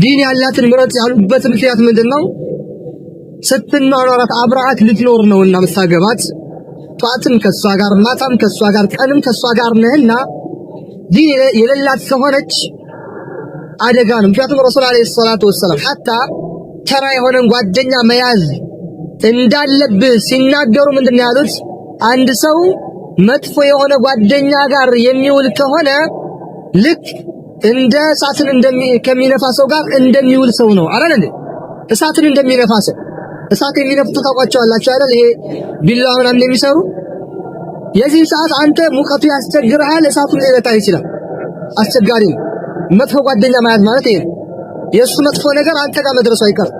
ዲን ያላትን ምረጥ ያሉበት ምክንያት ምንድነው? ስትኗኗራት አብረሃት ልትኖር ነውና መሳገባት ጧትም ከሷ ጋር ማታም ከሷ ጋር ቀንም ከሷ ጋር ነህና ዲን የሌላት ከሆነች አደጋ ነው። ምክንያቱም ረሱል አለይሂ ሰላቱ ወሰለም ሐታ ተራ የሆነን ጓደኛ መያዝ እንዳለብህ ሲናገሩ ምንድን ነው ያሉት? አንድ ሰው መጥፎ የሆነ ጓደኛ ጋር የሚውል ከሆነ ልክ እንደ እሳትን ከሚነፋ ሰው ጋር እንደሚውል ሰው ነው አይደል? እሳትን እንደሚነፋ ሰው እሳት የሚነፍቱ ታውቋቸዋላችሁ አይደል? ይሄ ቢላዋ ምናምን የሚሰሩ የዚህ ሰዓት አንተ ሙቀቱ ያስቸግርሃል፣ እሳቱን ሊለታ ይችላል። አስቸጋሪ ነው። መጥፎ ጓደኛ ማለት ማለት ይሄ የእሱ መጥፎ ነገር አንተ ጋር መድረሱ አይቀርም።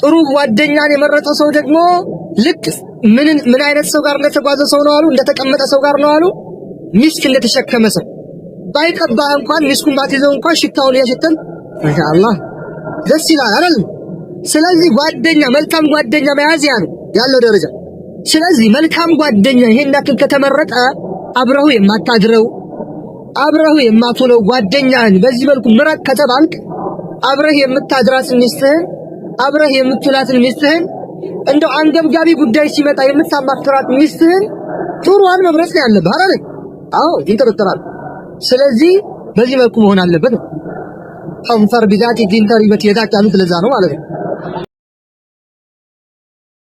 ጥሩ ጓደኛን የመረጠ ሰው ደግሞ ልክ ምን ምን አይነት ሰው ጋር እንደተጓዘ ሰው ነው አሉ፣ እንደተቀመጠ ሰው ጋር ነው አሉ፣ ሚስት እንደተሸከመ ሰው ባይቀባህ እንኳን ሊስኩን ባትይዘው እንኳን ሽታውን ያሸተን ደስ ይላል ስለዚህ ጓደኛ መልካም ጓደኛ መያዝ ያ ነው ያለው ደረጃ። ስለዚህ መልካም ጓደኛ ይሄን ያክል ከተመረጠ አብረሁ የማታድረው አብረሁ የማትውለው ጓደኛህን በዚህ መልኩ ምረጥ ከተባልክ አብረህ የምታድራትን ሚስትህን አብረህ የምትውላትን ሚስትህን እንደው አንገብጋቢ ጉዳይ ሲመጣ የምታማክራት ሚስትህን ጥሩዋን መምረጥ ነው ያለብህ። አዎ ይንጠረጠራል። ስለዚህ በዚህ መልኩ መሆን አለበት። ነው። አንፈር ቢዛቲ ዲንተር ይበት የታች ያሉት ለዛ ነው ማለት ነው።